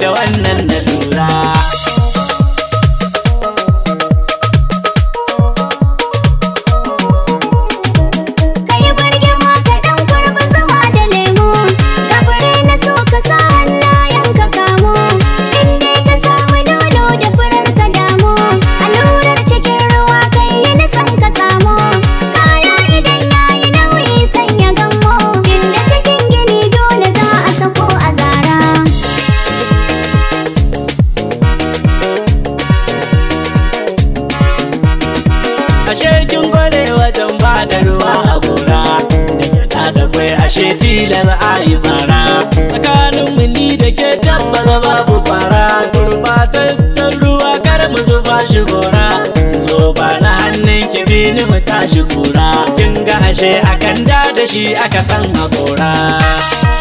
da wannan ashe kin gware wajen ba da ruwa a gora dan yana da kwai ashe tilar ayi fara. tsakanin mu ni da ke tabbata babu fara gurbataccen ruwa kar mu zuba shi gora zo ba na hannun ki bi ni mu tashi kura kin ga ashe akan da da shi aka san a gora